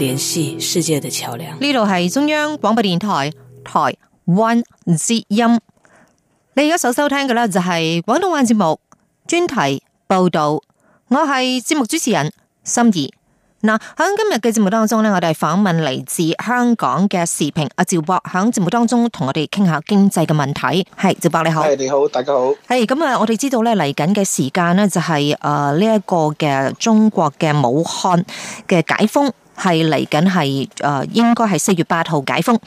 聯繫世界的橋梁。呢度係中央廣播電台台灣之音。你而家所收聽嘅呢，就係廣東話節目專題報道。我係節目主持人心儀。嗱，喺今日嘅節目當中呢，我哋係訪問嚟自香港嘅時評阿趙博，喺節目當中同我哋傾下經濟嘅問題。係趙博你好。係你好，大家好。係咁啊！我哋知道呢，嚟緊嘅時間呢、就是，就係誒呢一個嘅中國嘅武漢嘅解封。係嚟緊係誒，應該係四月八號解封。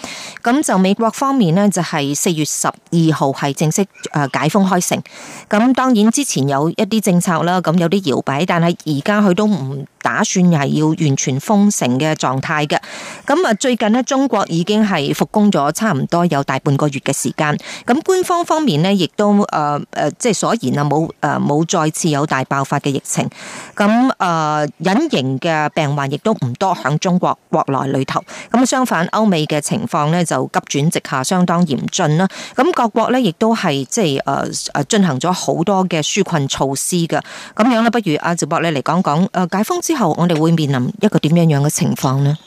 咁就美國方面呢，就係四月十二號係正式誒解封開城。咁當然之前有一啲政策啦，咁有啲搖擺，但係而家佢都唔打算係要完全封城嘅狀態嘅。咁啊，最近呢，中國已經係復工咗差唔多有大半個月嘅時間。咁官方方面呢，亦都誒誒、呃，即係所言啊，冇誒冇再次有大爆發嘅疫情。咁誒，隱形嘅病患亦都唔多。等中國國內裏頭，咁相反，歐美嘅情況咧，就急轉直下，相當嚴峻啦。咁各國咧亦都係即係誒誒進行咗好多嘅紓困措施噶咁樣啦。不如阿趙博你嚟講講誒解封之後，我哋會面臨一個點樣樣嘅情況呢？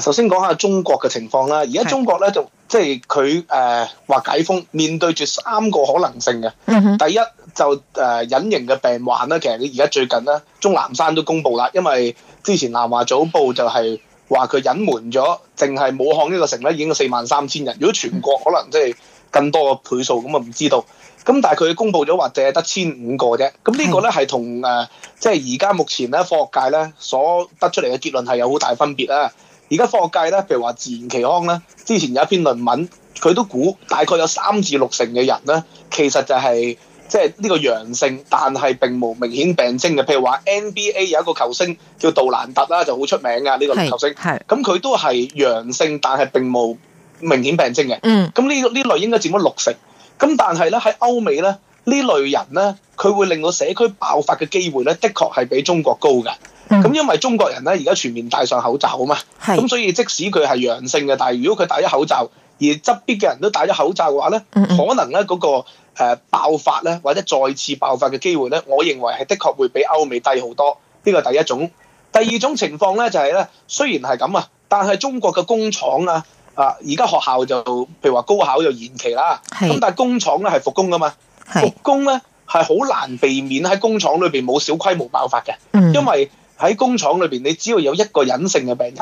首先講下中國嘅情況啦。而家中國咧就即係佢誒話解封，面對住三個可能性嘅。第一就誒隱形嘅病患啦。其實你而家最近咧，鍾南山都公布啦，因為之前南華早報就係話佢隱瞞咗，淨係武漢呢個城咧已經四萬三千人。如果全國可能即係更多嘅倍數，咁啊唔知道。咁但係佢公佈咗，或者得千五個啫。咁呢個咧係同誒即係而家目前咧科學界咧所得出嚟嘅結論係有好大分別啦。而家科學界咧，譬如話自然期刊咧，之前有一篇論文，佢都估大概有三至六成嘅人咧，其實就係即係呢個陽性，但係並無明顯病徵嘅。譬如話 NBA 有一個球星叫杜蘭特啦，就好出名噶呢、呢個球星，咁佢都係陽性，但係並無明顯病徵嘅。嗯，咁呢呢類應該佔咗六成，咁但係咧喺歐美咧。呢類人咧，佢會令到社區爆發嘅機會咧，的確係比中國高嘅。咁因為中國人咧，而家全面戴上口罩啊嘛，咁所以即使佢係陽性嘅，但係如果佢戴咗口罩，而側邊嘅人都戴咗口罩嘅話咧，可能咧，嗰個誒爆發咧，或者再次爆發嘅機會咧，我認為係的確會比歐美低好多。呢個係第一種，第二種情況咧就係咧，雖然係咁啊，但係中國嘅工廠啊，啊而家學校就譬如話高考就延期啦，咁但係工廠咧係復工噶嘛。復工咧係好難避免喺工廠裏邊冇小規模爆發嘅，因為喺工廠裏邊你只要有一個隱性嘅病人，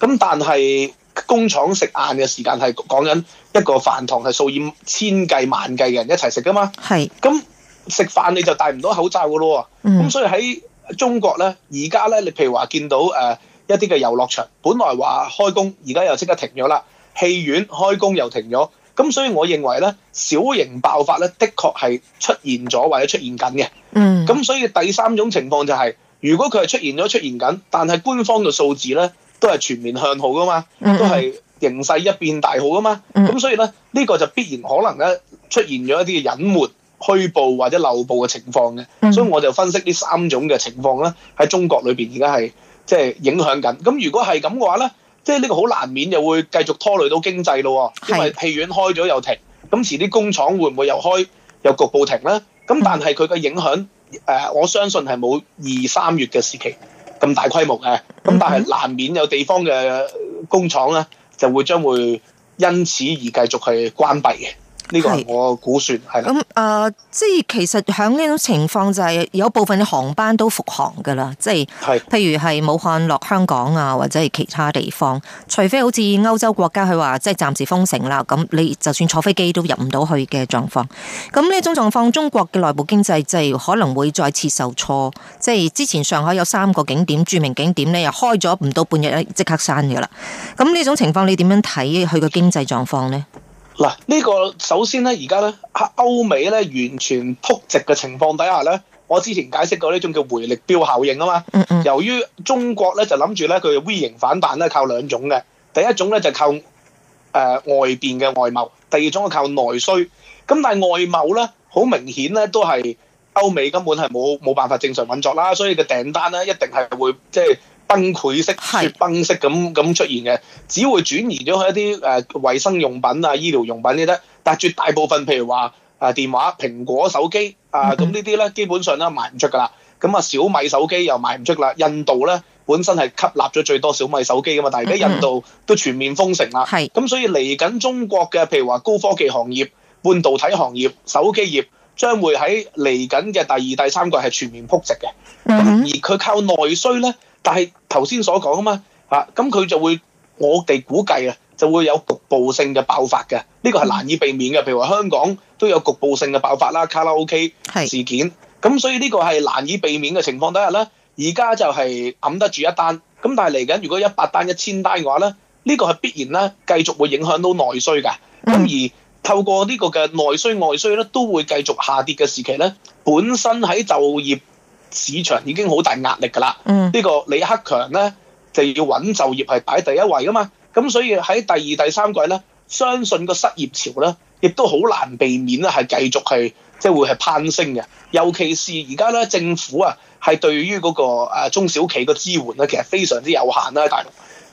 咁但係工廠食晏嘅時間係講緊一個飯堂係數以千計萬計嘅人一齊食噶嘛，咁食飯你就戴唔到口罩噶咯喎，咁所以喺中國咧而家咧，你譬如話見到誒一啲嘅遊樂場，本來話開工而家又即刻停咗啦，戲院開工又停咗。咁所以，我認為咧，小型爆發咧，的確係出現咗或者出現緊嘅。嗯。咁所以第三種情況就係，如果佢係出現咗、出現緊，但係官方嘅數字咧，都係全面向好噶嘛，都係形勢一變大好噶嘛。咁所以咧，呢個就必然可能咧出現咗一啲嘅隱瞞虛報或者漏報嘅情況嘅。所以我就分析呢三種嘅情況咧，喺中國裏邊而家係即係影響緊。咁如果係咁嘅話咧。即係呢個好難免又會繼續拖累到經濟咯，因為戲院開咗又停，咁遲啲工廠會唔會又開又局部停咧？咁但係佢嘅影響，誒我相信係冇二三月嘅時期咁大規模嘅，咁但係難免有地方嘅工廠咧就會將會因此而繼續去關閉嘅。呢、這個係我估算，係。咁誒，即、嗯、係、呃、其實喺呢種情況，就係有部分嘅航班都復航㗎啦，即係，譬如係武漢落香港啊，或者係其他地方，除非好似歐洲國家佢話即係暫時封城啦，咁你就算坐飛機都入唔到去嘅狀況。咁呢種狀況，中國嘅內部經濟就係可能會再次受挫，即、就、係、是、之前上海有三個景點著名景點咧，又開咗唔到半日即刻閂㗎啦。咁呢種情況，你點樣睇佢嘅經濟狀況呢？嗱，呢個首先咧，而家咧歐美咧完全撲直嘅情況底下咧，我之前解釋過呢種叫回力標效應啊嘛。由於中國咧就諗住咧佢嘅 V 型反彈咧靠兩種嘅，第一種咧就是、靠誒、呃、外邊嘅外貿，第二種就靠內需。咁但係外貿咧，好明顯咧都係歐美根本係冇冇辦法正常運作啦，所以嘅訂單咧一定係會即係。崩潰式、雪崩式咁咁出現嘅，只會轉移咗去一啲誒衞生用品啊、醫療用品呢啲咧，但係絕大部分，譬如話誒電話、蘋果手機啊，咁呢啲咧，基本上都賣唔出噶啦。咁啊，小米手機又賣唔出啦。印度咧本身係吸納咗最多小米手機噶嘛，但係而家印度都全面封城啦。係咁，所以嚟緊中國嘅，譬如話高科技行業、半導體行業、手機業，將會喺嚟緊嘅第二、第三季係全面撲直嘅。而佢靠內需咧。但係頭先所講啊嘛，嚇咁佢就會，我哋估計啊，就會有局部性嘅爆發嘅，呢個係難以避免嘅。譬如話香港都有局部性嘅爆發啦，卡拉 OK 事件，咁所以呢個係難以避免嘅情況下，得啦。而家就係揞得住一單，咁但係嚟緊如果一百單、一千單嘅話咧，呢個係必然啦，繼續會影響到內需㗎。咁而透過呢個嘅內需外需咧，都會繼續下跌嘅時期咧，本身喺就業市場已經好大壓力㗎啦，呢個李克強咧就要穩就業係擺第一位噶嘛，咁所以喺第二、第三季咧，相信個失業潮咧，亦都好難避免啦，係繼續係即係會係攀升嘅。尤其是而家咧，政府啊係對於嗰個中小企嘅支援咧，其實非常之有限啦喺大陸，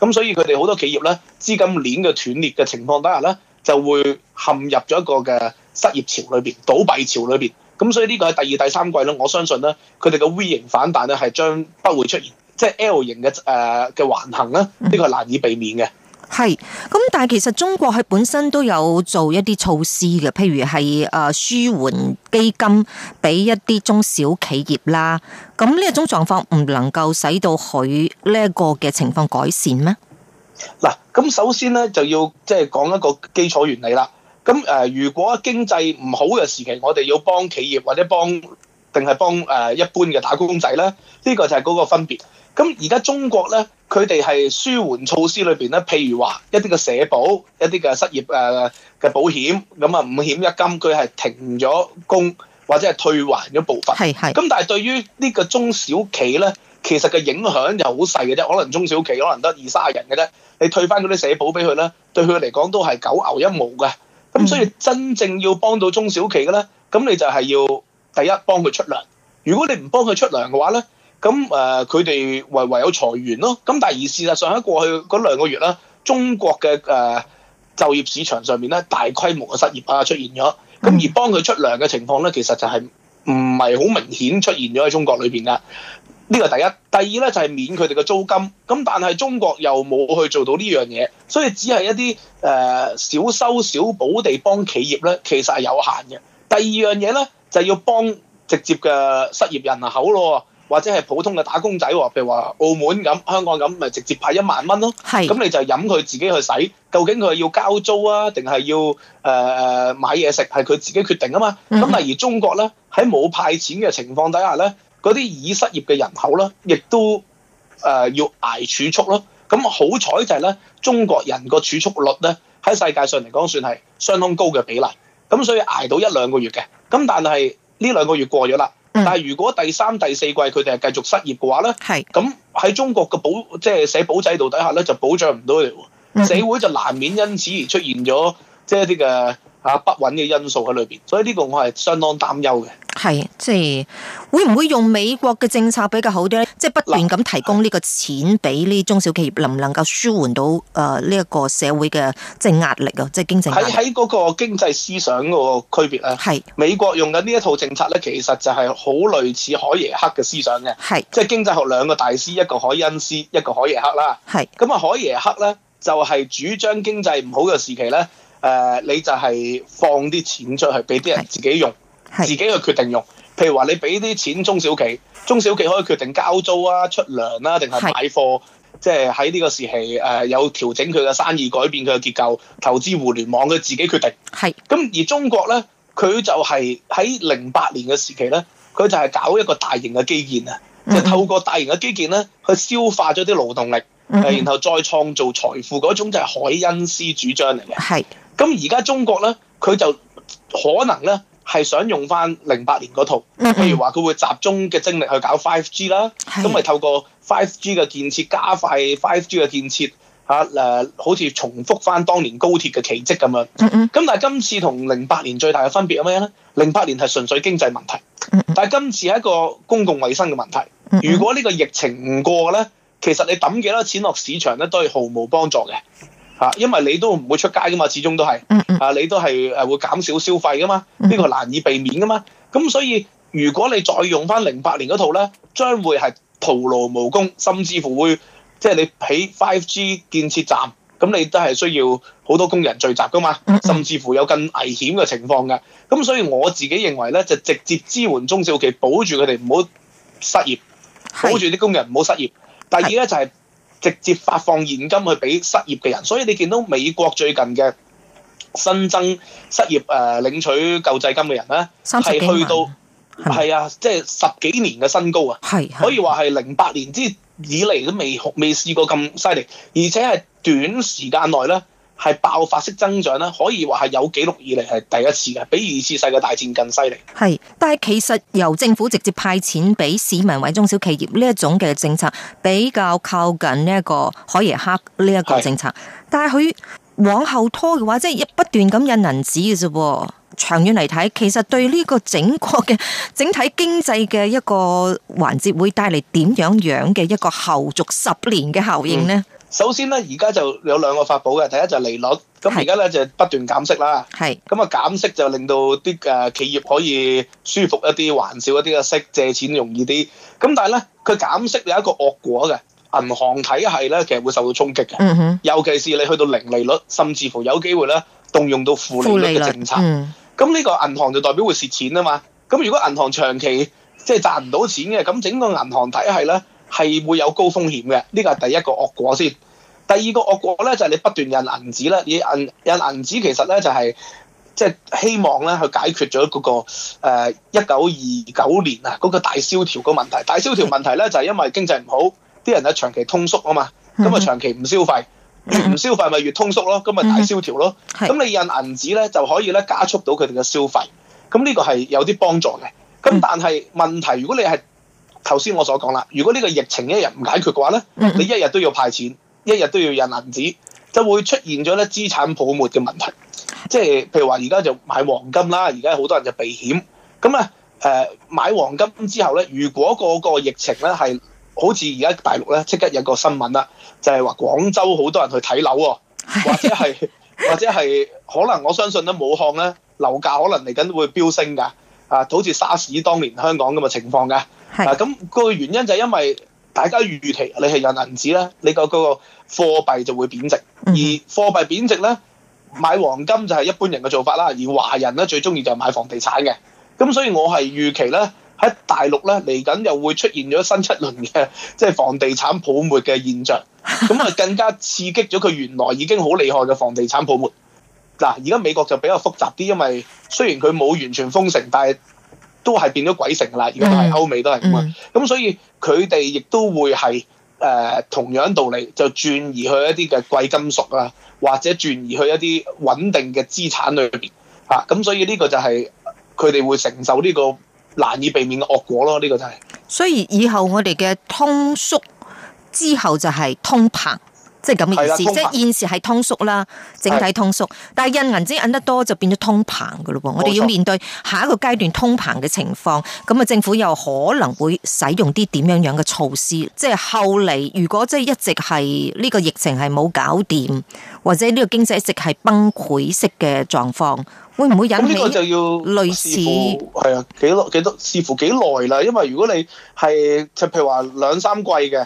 咁所以佢哋好多企業咧，資金鏈嘅斷裂嘅情況底下咧，就會陷入咗一個嘅失業潮裏邊、倒閉潮裏邊。咁所以呢個係第二、第三季咧，我相信咧，佢哋嘅 V 型反彈咧，係將不會出現，即係 L 型嘅誒嘅橫行咧，呢個係難以避免嘅。係，咁但係其實中國係本身都有做一啲措施嘅，譬如係誒舒緩基金俾一啲中小企業啦。咁呢一種狀況唔能夠使到佢呢一個嘅情況改善咩？嗱，咁首先咧就要即係講一個基礎原理啦。咁誒，如果經濟唔好嘅時期，我哋要幫企業或者幫定係幫誒一般嘅打工仔咧，呢個就係嗰個分別。咁而家中國咧，佢哋係舒緩措施裏邊咧，譬如話一啲嘅社保、一啲嘅失業誒嘅保險，咁啊五險一金佢係停咗工或者係退還咗部分。係係。咁但係對於呢個中小企咧，其實嘅影響又好細嘅啫，可能中小企可能得二卅人嘅啫，你退翻嗰啲社保俾佢咧，對佢嚟講都係九牛一毛嘅。咁所以真正要幫到中小企嘅咧，咁你就係要第一幫佢出糧。如果你唔幫佢出糧嘅話咧，咁誒，佢哋唯唯有裁員咯。咁但係而事實上喺過去嗰兩個月啦，中國嘅誒就業市場上面咧，大規模嘅失業啊出現咗。咁而幫佢出糧嘅情況咧，其實就係唔係好明顯出現咗喺中國裏邊㗎。呢個第一，第二咧就係免佢哋嘅租金，咁但係中國又冇去做到呢樣嘢，所以只係一啲誒小修小補地幫企業咧，其實係有限嘅。第二樣嘢咧就係、是、要幫直接嘅失業人口咯，或者係普通嘅打工仔，譬如話澳門咁、香港咁，咪直接派一萬蚊咯。係。咁你就飲佢自己去使，究竟佢係要交租啊，定係要誒、呃、買嘢食？係佢自己決定啊嘛。咁例如中國咧喺冇派錢嘅情況底下咧。嗰啲已失業嘅人口咧，亦都、呃、要捱儲蓄咯。咁好彩就係咧，中國人個儲蓄率咧喺世界上嚟講算係相當高嘅比例。咁所以捱到一兩個月嘅。咁但係呢兩個月過咗啦。但係如果第三、第四季佢哋係繼續失業嘅話咧，咁喺中國嘅保即係社保制度底下咧，就保障唔到嚟喎。社會就難免因此而出現咗即係啲嘅，就是不穩嘅因素喺裏邊，所以呢個我係相當擔憂嘅。係即係會唔會用美國嘅政策比較好啲？即係不斷咁提供呢個錢俾呢中小企業，能唔能夠舒緩到誒呢一個社會嘅即係壓力啊？即係經濟喺嗰個經濟思想個區別咧，係美國用緊呢一套政策咧，其實就係好類似海耶克嘅思想嘅。係即係經濟學兩個大師，一個海恩斯，一個海耶克啦。係咁啊，海耶克咧就係主張經濟唔好嘅時期咧。誒，你就係放啲錢出去，俾啲人自己用，自己去決定用。譬如話，你俾啲錢中小企，中小企可以決定交租啊、出糧啊、定係買貨。即係喺呢個時期誒，有調整佢嘅生意，改變佢嘅結構，投資互聯網，佢自己決定。係。咁而中國咧，佢就係喺零八年嘅時期咧，佢就係搞一個大型嘅基建啊，嗯、就透過大型嘅基建咧，去消化咗啲勞動力，嗯、然後再創造財富。嗰種就係凱恩斯主張嚟嘅。係。咁而家中國咧，佢就可能咧係想用翻零八年嗰套，譬如話佢會集中嘅精力去搞 5G 啦，咁咪透過 5G 嘅建設，加快 5G 嘅建設，嚇誒好似重複翻當年高鐵嘅奇蹟咁樣。咁但係今次同零八年最大嘅分別係咩咧？零八年係純粹經濟問題，但係今次係一個公共衛生嘅問題。如果呢個疫情唔過咧，其實你抌幾多錢落市場咧，都係毫無幫助嘅。因為你都唔會出街噶嘛，始終都係，啊你都係誒會減少消費噶嘛，呢個難以避免噶嘛。咁所以如果你再用翻零八年嗰套咧，將會係徒勞無功，甚至乎會即係你起 5G 建設站，咁你都係需要好多工人聚集噶嘛，甚至乎有更危險嘅情況嘅。咁所以我自己認為咧，就直接支援中小企，保住佢哋唔好失業，保住啲工人唔好失業。第二咧就係、是。直接發放現金去俾失業嘅人，所以你見到美國最近嘅新增失業誒領取救濟金嘅人咧，係去到係啊，即係十幾年嘅新高啊，係可以話係零八年之以嚟都未未試過咁犀利，而且係短時間內咧。係爆發式增長啦，可以話係有紀錄以嚟，係第一次嘅，比二次世界大戰更犀利。係，但係其實由政府直接派錢俾市民或中小企業呢一種嘅政策，比較靠近呢一個海耶克呢一個政策。是但係佢往後拖嘅話，即、就、係、是、不斷咁印銀紙嘅啫。長遠嚟睇，其實對呢個整個嘅整體經濟嘅一個環節，會帶嚟點樣樣嘅一個後續十年嘅效應呢、嗯首先咧，而家就有兩個法寶嘅，第一就係利率，咁而家咧就不斷減息啦。係，咁啊減息就令到啲企業可以舒服一啲，還少一啲嘅息，借錢容易啲。咁但係咧，佢減息有一個惡果嘅，銀行體系咧其實會受到衝擊嘅、嗯。尤其是你去到零利率，甚至乎有機會咧動用到負利率嘅政策。咁呢、嗯、個銀行就代表會蝕錢啊嘛。咁如果銀行長期即係、就是、賺唔到錢嘅，咁整個銀行體系咧。係會有高風險嘅，呢個係第一個惡果先。第二個惡果咧就係你不斷印銀紙啦，你印印銀紙其實咧就係即係希望咧去解決咗嗰個一九二九年啊嗰個大蕭條個問題。大蕭條問題咧就係因為經濟唔好，啲人咧長期通縮啊嘛，咁啊長期唔消費，越唔消費咪越通縮咯，咁咪大蕭條咯。咁你印銀紙咧就可以咧加速到佢哋嘅消費，咁呢個係有啲幫助嘅。咁但係問題，如果你係頭先我所講啦，如果呢個疫情一日唔解決嘅話咧，你一日都要派錢，一日都要印銀紙，就會出現咗咧資產泡沫嘅問題。即係譬如話，而家就買黃金啦，而家好多人就避險。咁啊誒買黃金之後咧，如果個個疫情咧係好似而家大陸咧，即刻有個新聞啦，就係話廣州好多人去睇樓喎，或者係或者係可能我相信咧，武漢咧樓價可能嚟緊會飆升㗎，啊，好似沙士當年香港咁嘅情況㗎。嗱，咁個原因就係因為大家預期你係印銀紙咧，你個嗰個貨幣就會貶值，而貨幣貶值咧，買黃金就係一般人嘅做法啦。而華人咧最中意就係買房地產嘅，咁所以我係預期咧喺大陸咧嚟緊又會出現咗新一輪嘅即係房地產泡沫嘅現象，咁啊更加刺激咗佢原來已經好厲害嘅房地產泡沫。嗱，而家美國就比較複雜啲，因為雖然佢冇完全封城，但係，都係變咗鬼城㗎啦！如果係歐美都係咁啊，咁、mm -hmm. 所以佢哋亦都會係誒、呃、同樣道理，就轉移去一啲嘅貴金屬啊，或者轉移去一啲穩定嘅資產裏邊嚇。咁所以呢個就係佢哋會承受呢個難以避免嘅惡果咯。呢、呢個就係、係。所以以後我哋嘅通縮之後就係通膨。即係咁嘅意思，即係現時係通縮啦，整體通縮。是但係印銀紙印得多就變咗通膨噶咯。我哋要面對下一個階段通膨嘅情況，咁啊，政府又可能會使用啲點樣樣嘅措施。即係後嚟，如果即係一直係呢個疫情係冇搞掂，或者呢個經濟一直係崩潰式嘅狀況，會唔會引起？咁呢個就要類似係啊，幾耐幾多？視乎幾耐啦。因為如果你係就譬如話兩三季嘅。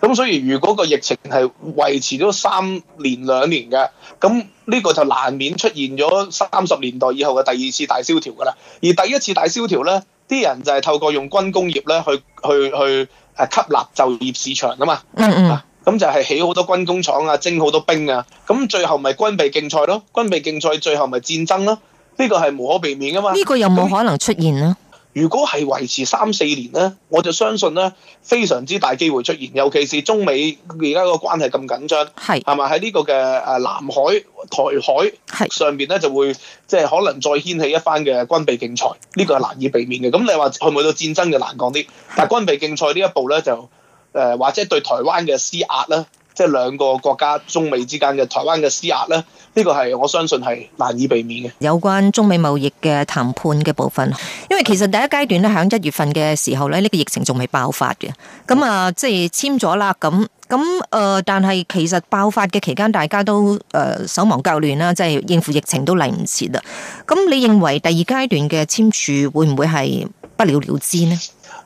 咁所以如果個疫情係維持咗三年兩年嘅，咁呢個就難免出現咗三十年代以後嘅第二次大蕭條㗎啦。而第一次大蕭條咧，啲人就係透過用軍工業咧去去去誒吸納就業市場㗎嘛。嗯嗯。咁就係起好多軍工廠啊，徵好多兵啊。咁最後咪軍備競賽咯，軍備競賽最後咪戰爭咯。呢個係無可避免㗎嘛。呢個有冇可能出現啊？如果係維持三四年咧，我就相信咧，非常之大機會出現，尤其是中美而家個關係咁緊張，係係咪喺呢個嘅誒南海、台海上邊咧就會即係可能再掀起一番嘅軍備競賽？呢個係難以避免嘅。咁你話係唔係到戰爭就難講啲？但軍備競賽呢一步咧就誒、呃、或者對台灣嘅施壓啦。即係兩個國家中美之間嘅台灣嘅施壓呢，呢個係我相信係難以避免嘅。有關中美貿易嘅談判嘅部分，因為其實第一階段咧喺一月份嘅時候咧，呢個疫情仲未爆發嘅，咁啊即係簽咗啦，咁咁誒，但係其實爆發嘅期間，大家都誒手忙腳亂啦，即係應付疫情都嚟唔切啦。咁你認為第二階段嘅簽署會唔會係不了了之呢？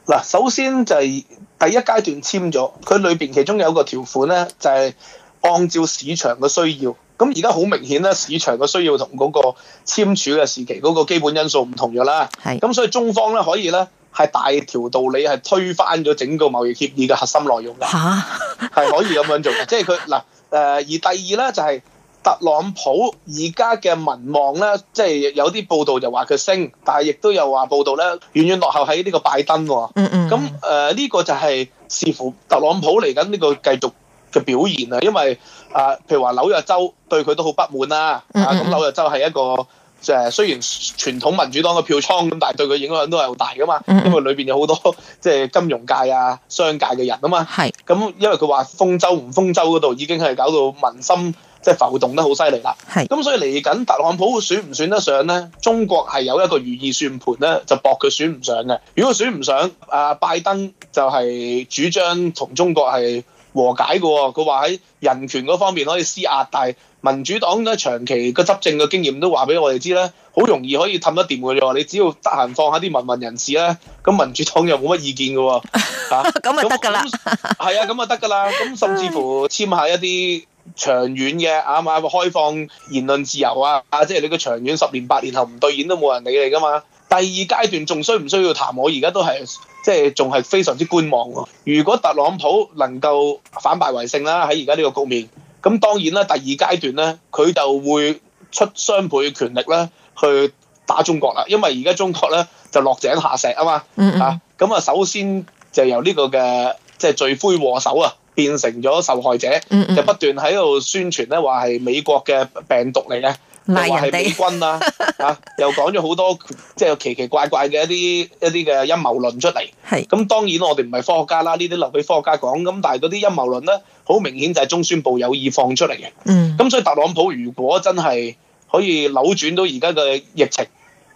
嗱，首先就係。第一階段簽咗，佢裏邊其中有一個條款咧，就係、是、按照市場嘅需要。咁而家好明顯咧，市場嘅需要同嗰個簽署嘅時期嗰、那個基本因素唔同咗啦。係。咁所以中方咧可以咧係大條道理係推翻咗整個貿易協議嘅核心內容㗎。嚇、啊！係可以咁樣做，嘅，即係佢嗱誒。而第二咧就係、是。特朗普而家嘅民望咧，即係有啲報道就話佢升，但係亦都有話報道咧，遠遠落後喺呢個拜登喎。嗯嗯。咁誒呢個就係視乎特朗普嚟緊呢個繼續嘅表現啦，因為啊，譬如話紐約州對佢都好不滿啦啊。嗯嗯。咁紐約州係一個誒，雖然傳統民主黨嘅票倉，但係對佢影響都係好大噶嘛。嗯嗯。因為裏面有好多即係金融界啊、商界嘅人啊嘛。係。咁因為佢話封州唔封州嗰度已經係搞到民心。即係浮動得好犀利啦，咁所以嚟緊特朗普選唔選得上咧？中國係有一個如意算盤咧，就搏佢選唔上嘅。如果選唔上，啊拜登就係主張同中國係和解嘅。哦。佢話喺人權嗰方面可以施壓，但係民主黨咧長期個執政嘅經驗都話俾我哋知咧，好容易可以氹得掂佢。你你只要得閒放下啲民運人士咧，咁民主黨又冇乜意見嘅喎、哦，咁、啊、 就得㗎啦，係 啊咁就得㗎啦，咁甚至乎簽下一啲。長遠嘅啊嘛，開放言論自由啊，即係你個長遠十年八年後唔兌現都冇人理你噶嘛。第二階段仲需唔需要談我？我而家都係即係仲係非常之觀望喎、啊。如果特朗普能夠在在反敗為勝啦，喺而家呢個局面，咁當然啦，第二階段咧佢就會出雙倍權力咧去打中國啦。因為而家中國咧就落井下石啊嘛，啊咁啊首先就由呢個嘅即係罪魁禍首啊！變成咗受害者，就不斷喺度宣傳咧，話係美國嘅病毒嚟嘅，話、嗯、係、嗯、美軍啦、啊， 啊，又講咗好多即係奇奇怪怪嘅一啲一啲嘅陰謀論出嚟。係咁，當然我哋唔係科學家啦，呢啲留俾科學家講。咁但係嗰啲陰謀論咧，好明顯就係中宣部有意放出嚟嘅。嗯，咁所以特朗普如果真係可以扭轉到而家嘅疫情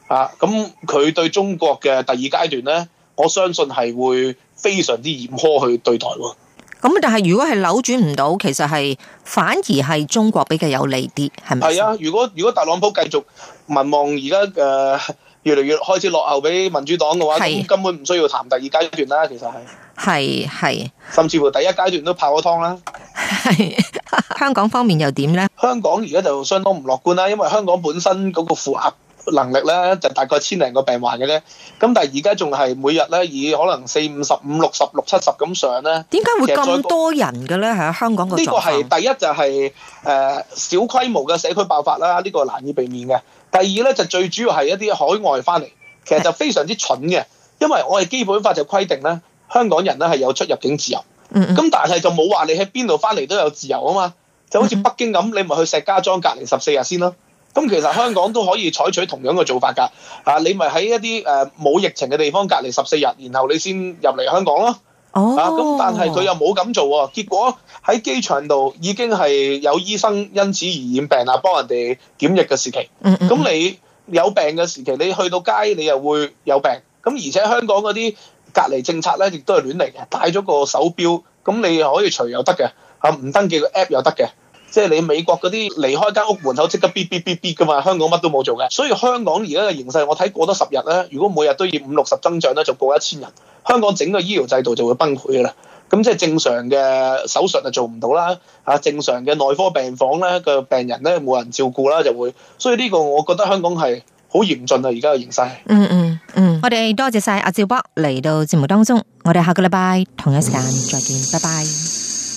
啊，咁佢對中國嘅第二階段咧，我相信係會非常之嚴苛去對待喎。咁但係如果係扭轉唔到，其實係反而係中國比較有利啲，係咪？係啊，如果如果特朗普繼續民望而家誒越嚟越開始落後俾民主黨嘅話，係根本唔需要談第二階段啦。其實係係係，甚至乎第一階段都泡咗湯啦。係香港方面又點咧？香港而家就相當唔樂觀啦，因為香港本身嗰個負壓。能力咧就大概千零個病患嘅咧，咁但係而家仲係每日咧以可能四五十五、五六十、六七十咁上咧。點解會咁多人嘅咧？喺香港，呢個呢個係第一就係、係呃、小規模嘅社區爆發啦，呢、呢個難以避免嘅。第二咧就最主要係一啲海外翻嚟，其實就非常之蠢嘅，因為我哋基本法就規定咧，香港人咧係有出入境自由。咁、嗯嗯、但係就冇話你喺邊度翻嚟都有自由啊嘛，就好似北京咁，你咪去石家莊隔離十四日先咯。咁其實香港都可以採取同樣嘅做法㗎，你咪喺一啲冇疫情嘅地方隔離十四日，然後你先入嚟香港咯。咁、oh. 但係佢又冇咁做喎，結果喺機場度已經係有醫生因此而染病啦，幫人哋檢疫嘅時期。咁、mm -hmm. 你有病嘅時期，你去到街你又會有病。咁而且香港嗰啲隔離政策咧，亦都係亂嚟嘅。戴咗個手錶，咁你可以除又得嘅，嚇唔登記個 app 又得嘅。即係你美國嗰啲離開間屋門口即刻嗶嗶嗶嗶噶嘛，香港乜都冇做嘅，所以香港而家嘅形勢我睇過多十日咧，如果每日都要五六十增長咧，就過一千人，香港整個醫療制度就會崩潰噶啦。咁即係正常嘅手術就做唔到啦，吓正常嘅內科病房咧個病人咧冇人照顧啦，就會。所以呢個我覺得香港係好嚴峻啊，而家嘅形勢。嗯嗯嗯，我哋多謝晒阿趙博嚟到節目當中，我哋下個禮拜同一時間再見，嗯，拜拜。